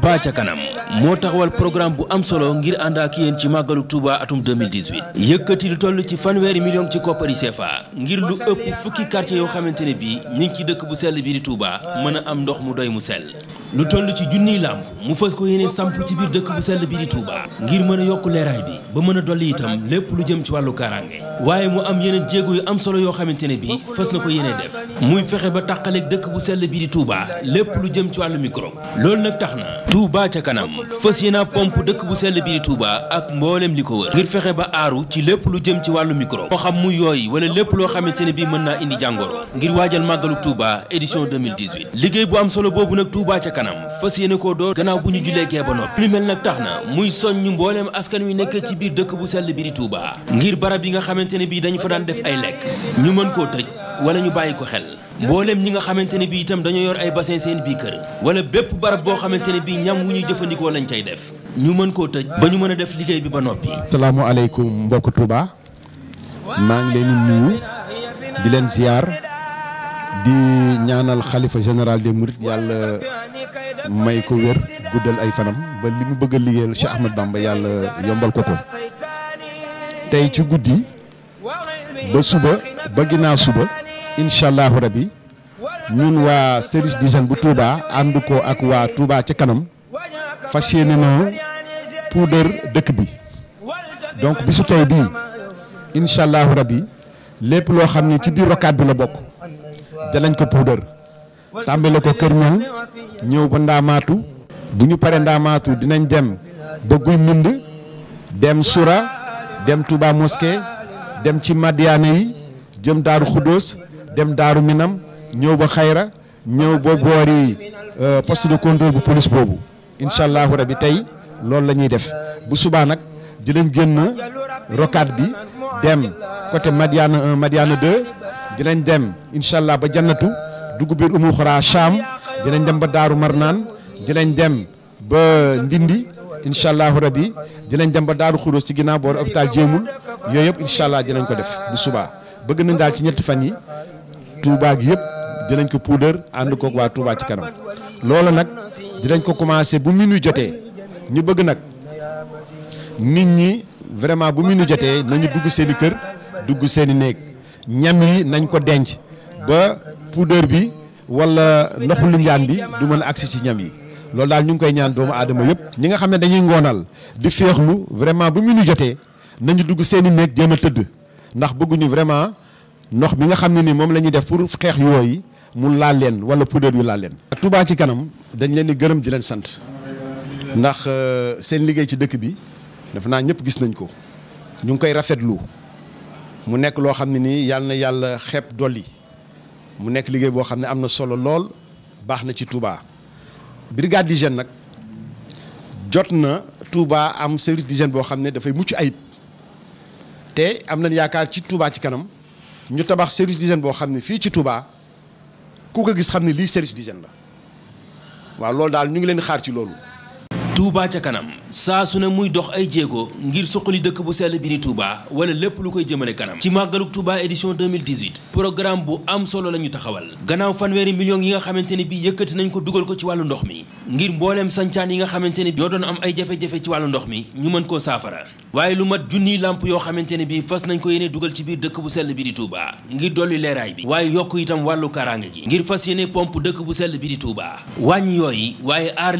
Touba ca kanam moo taxawal programme bu am solo ngir ànd ak yéen ci màggalu Touba atum 2018 yëkkati lu toll ci fanweeri million ci koppari CFA ngir lu ëpp fukki quartier yoo xamante ne bii ñu ngi ci dëkk bu sell bi di Touba mën a am ndox mu doy mu sell. lu toll ci junniy làmp mu fës ko yéene samp ci biir dëkk bu sell bi di Touba ngir mën a yokk leeraay bi ba mën a dolli itam lépp lu jëm ci wàllu kaaraange waaye mu am yeneen jéego yu am solo yoo xamante ne bii fës na ko yéene def muy fexe ba tàqaleeg dëkk bu sell bi di Touba lépp lu jëm ci wàllu micro loolu nag tax na Touba ca kanam fas yéena pomp dëkk bu sell bi di Touba ak mboolem li ko wër ngir fexe ba aaru ci lépp lu jëm ci wàllu micro moo xam mu yooyu wala lépp loo xamante ne bii mën naa indi jàngoro ngir waajal màggalu Touba édition 2018 liggéey bu am solo boobu nag Touba ca kanam fas yéene koo door gannaaw bu ñu julee gee ba noppi nag tax na muy soññ mbooleem askan wi nekk ci biir dëkk bu sell bi di Touba ngir barab yi nga xamante ne bii dañu fa daan def ay lekk ñu mën koo tëj wala ñu bàyyi ko xel mboolem ñi nga xamante ne bi itam dañoo yor ay bassin seen bii kër wala bépp barab boo xamante ne bi ñam wu ñuy jëfandikoo lañ cay def ñu mën koo tëj ba ñu mën a def liggéey bi ba noppi salaamaaleykum mbokk Touba maa ngi leen di nuyu di leen ziar di ñaanal xalifa général des Mourides yàlla may ko wér guddal ay fanam ba li mu bëgg a liggéeyal Cheikh Ahmed Bamba yàlla yombal ko tey ci guddi ba suba ba ginnaaw suba incha allahu rabi ñun waa service d'hygiène bu Touba ànd ko ak waa Touba ci kanam fas yéene noo puudar dëkk bi donc bisu tey bii incha allahu lépp loo xam ne ci biir rocade bi la bokk dalañ ko puudar tàmbale ko Kër Ñang ñëw ba Ndaamaatu bu ñu paree Ndaamaatu dinañ dem ba Guy Mbind dem Soura dem Touba mosquée dem ci Madiane yi jëm Daaru Xuddoos dem daaru minam ñëw ba xayra ñëw ba boori euh, poste de contrôle bu police boobu incha allahu rabi tey loolu la ñuy def bu subaa nag di leen génn rocade bi dem côté Madiana 1 Madiana dinañ dem incha allah ba jannatu dugub biir umu xoraa Cham dinañ dem ba daaru marnaan dinañ dem ba ndindi incha allahu rabi dinañ dem ba daaru xuróos ci ginnaaw boori hôpital jéemul yooyu yëpp incha allah dinañ ko def bu subaa bëgg nañ daal ci ñetti fan yi Touba gi yëpp dinañ ko puudar ànd koog waa Touba ci kanam loolu nag dinañ ko commencé bu mu minuit jotee ñu bëgg nag nit ñi vraiment bu minuit jotee nañu dugg seen i kër dugg seen i néeg ñam yi nañ ko denc ba puudar bi wala ndoxu linjaan bi du mën a agsi ci ñam yi loolu daal ñu ngi koy ñaan doomu aadama yëpp ñi nga xam ne dañuy ngoonal di féexlu vraiment bu minuit jotee nañu dugg seen i néeg jéem a tëdd ndax bëgguñu vraiment ndox bi nga xam ne ni moom la ñuy def pour xeex yooyu mu laa leen wala poudre yu laa leen. tubaa ci kanam dañ leen di gërëm di leen sant ndax euh, seen liggéey ci dëkk bi def naa ñëpp gis nañ ko ñu ngi koy rafetlu mu nekk loo xam ne nii yàlla na yàlla xeeb dolli mu nekk liggéey boo xam ne am na solo lool baax na ci Touba. brigade d'hygiène nag jot na Touba am service d'hygiène boo xam ne dafay mucc ayib te am nañ yaakaar ci tubaa ci kanam. ñu tabax service d'hygiène boo xam ne fii ci Touba ku ko gis xam ne lii service d'hygiène la waaw loolu daal ñu ngi leen xaar ci loolu. Touba ca kanam saa su ne muy dox ay jéego ngir suqali dëkk bu sell bi ni Touba wala lépp lu koy jëmale kanam ci màggaluk Touba édition 2018 programme bu am solo la ñu taxawal gannaaw fanweeri millions yi nga xamante ne bi yëkkati nañ ko dugal ko ci wàllu ndox mi ngir mbooleem sancaan yi nga xamante ne bi yoo doon am ay jafe-jafe ci wàllu ndox mi ñu mën koo saafara waaye lu mat junniy làmp yoo xamante ne bi fas nañ ko yéene dugal ci biir dëkk bu sell bi di Touba ngir dolli leeraay bi waaye yokk itam wàllu kaaraange gi ngir fas yéene pompe dëkk bu sell bi di Touba wàññi yooyu waaye aar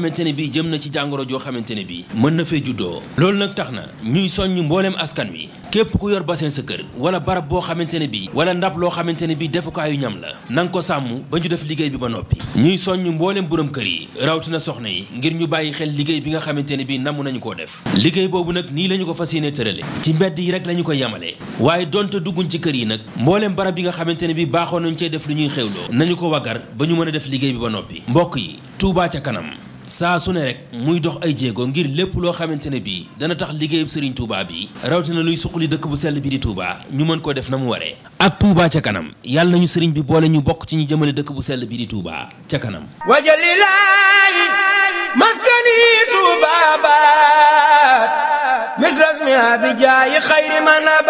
xamante bii jëm na ci jàngoro joo xamante ne bii mën na fee juddoo loolu nag tax na ñuy soññ mboolem askan wi képp ku yor bassin sa kër wala barab boo xamante ne bii wala ndab loo xamante ne bii defukaayu ñam la na nga ko sàmm ba ñu def liggéey bi ba noppi ñuy soññ mbooleem borom kër yi rawatina soxna yi ngir ñu bàyyi xel liggéey bi nga xamante ne bii namm nañu ko def liggéey boobu nag nii la ñu ko fa yéene tërale ci mbedd yi rek la ñu ko yemale waaye donte dugguñ ci kër yi nag mboolem barab yi nga xamante ne bii baaxoo nañ cee def lu ñuy xewloo nañu ko waggar ba ñu mën a def liggéey bi ba noppi mbokk yi Touba ca kanam saa su ne rek muy dox ay jéego ngir lépp loo xamante ne bii dana tax liggéeyub sëriñ Touba bi rawatina luy suqali dëkk bu sell bi di Touba ñu mën ko def na mu ware ak Touba ca kanam yàlla nañu sëriñ bi boole ñu bokk ci ñu jëmale dëkk bu sell bi di Touba ca kanam wajalilaahi maskani Touba baat misras mi abi jaayi xayri man